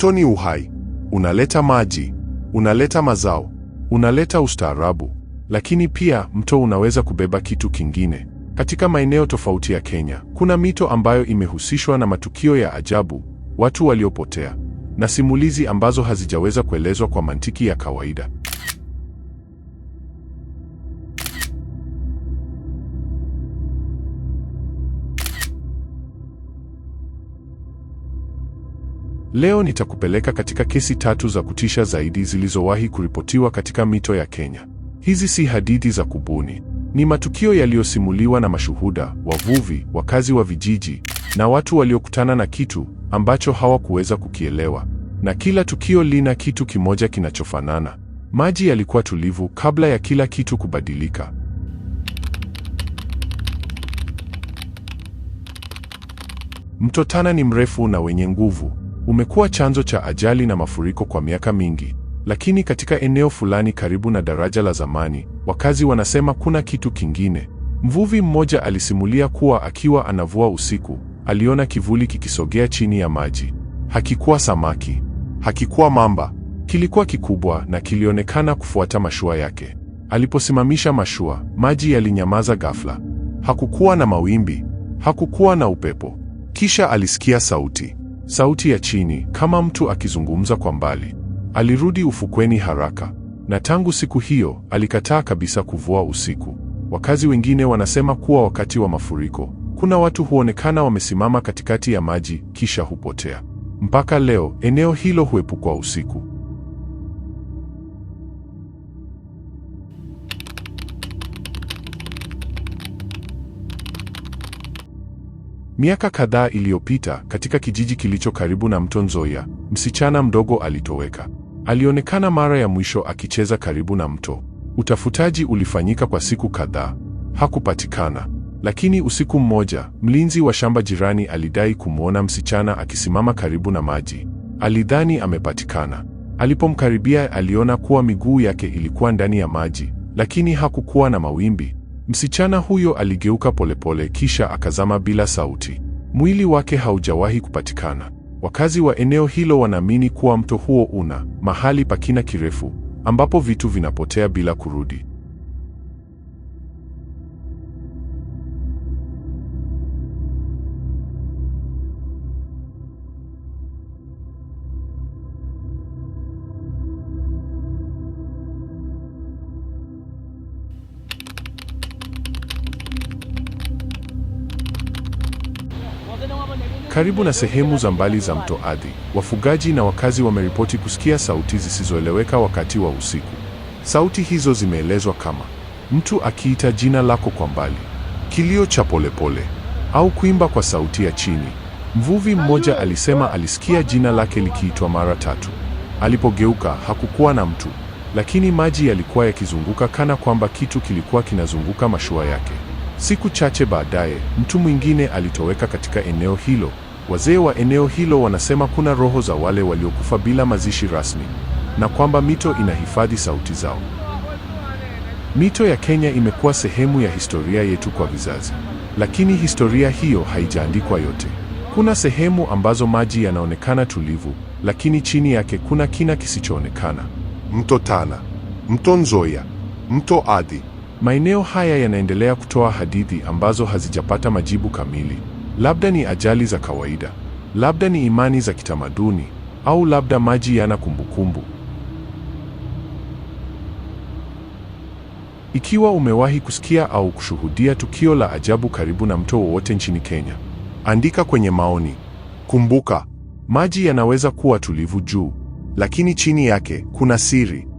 Mto ni uhai, unaleta maji, unaleta mazao, unaleta ustaarabu, lakini pia mto unaweza kubeba kitu kingine. Katika maeneo tofauti ya Kenya, kuna mito ambayo imehusishwa na matukio ya ajabu, watu waliopotea, na simulizi ambazo hazijaweza kuelezwa kwa mantiki ya kawaida. Leo nitakupeleka katika kesi tatu za kutisha zaidi zilizowahi kuripotiwa katika mito ya Kenya. Hizi si hadithi za kubuni, ni matukio yaliyosimuliwa na mashuhuda, wavuvi, wakazi wa vijiji na watu waliokutana na kitu ambacho hawakuweza kukielewa. Na kila tukio lina kitu kimoja kinachofanana. Maji yalikuwa tulivu kabla ya kila kitu kubadilika. Mto Tana ni mrefu na wenye nguvu umekuwa chanzo cha ajali na mafuriko kwa miaka mingi. Lakini katika eneo fulani karibu na daraja la zamani, wakazi wanasema kuna kitu kingine. Mvuvi mmoja alisimulia kuwa akiwa anavua usiku, aliona kivuli kikisogea chini ya maji. Hakikuwa samaki, hakikuwa mamba, kilikuwa kikubwa na kilionekana kufuata mashua yake. Aliposimamisha mashua, maji yalinyamaza ghafla. Hakukuwa na mawimbi, hakukuwa na upepo. Kisha alisikia sauti sauti ya chini kama mtu akizungumza kwa mbali. Alirudi ufukweni haraka, na tangu siku hiyo alikataa kabisa kuvua usiku. Wakazi wengine wanasema kuwa wakati wa mafuriko kuna watu huonekana wamesimama katikati ya maji kisha hupotea. Mpaka leo eneo hilo huepukwa usiku. Miaka kadhaa iliyopita, katika kijiji kilicho karibu na mto Nzoia, msichana mdogo alitoweka. Alionekana mara ya mwisho akicheza karibu na mto. Utafutaji ulifanyika kwa siku kadhaa, hakupatikana. Lakini usiku mmoja, mlinzi wa shamba jirani alidai kumwona msichana akisimama karibu na maji. Alidhani amepatikana. Alipomkaribia, aliona kuwa miguu yake ilikuwa ndani ya maji, lakini hakukuwa na mawimbi. Msichana huyo aligeuka polepole kisha akazama bila sauti. Mwili wake haujawahi kupatikana. Wakazi wa eneo hilo wanaamini kuwa mto huo una mahali pa kina kirefu ambapo vitu vinapotea bila kurudi. Karibu na sehemu za mbali za mto Athi, wafugaji na wakazi wameripoti kusikia sauti zisizoeleweka wakati wa usiku. Sauti hizo zimeelezwa kama mtu akiita jina lako kwa mbali, kilio cha polepole au kuimba kwa sauti ya chini. Mvuvi mmoja alisema alisikia jina lake likiitwa mara tatu. Alipogeuka hakukuwa na mtu, lakini maji yalikuwa yakizunguka kana kwamba kitu kilikuwa kinazunguka mashua yake. Siku chache baadaye, mtu mwingine alitoweka katika eneo hilo. Wazee wa eneo hilo wanasema kuna roho za wale waliokufa bila mazishi rasmi na kwamba mito inahifadhi sauti zao. Mito ya Kenya imekuwa sehemu ya historia yetu kwa vizazi, lakini historia hiyo haijaandikwa yote. Kuna sehemu ambazo maji yanaonekana tulivu, lakini chini yake kuna kina kisichoonekana. Mto Tana, Mto Nzoia, Mto Athi Maeneo haya yanaendelea kutoa hadithi ambazo hazijapata majibu kamili. Labda ni ajali za kawaida, labda ni imani za kitamaduni, au labda maji yana kumbukumbu. Ikiwa umewahi kusikia au kushuhudia tukio la ajabu karibu na mto wowote nchini Kenya, andika kwenye maoni. Kumbuka, maji yanaweza kuwa tulivu juu, lakini chini yake kuna siri.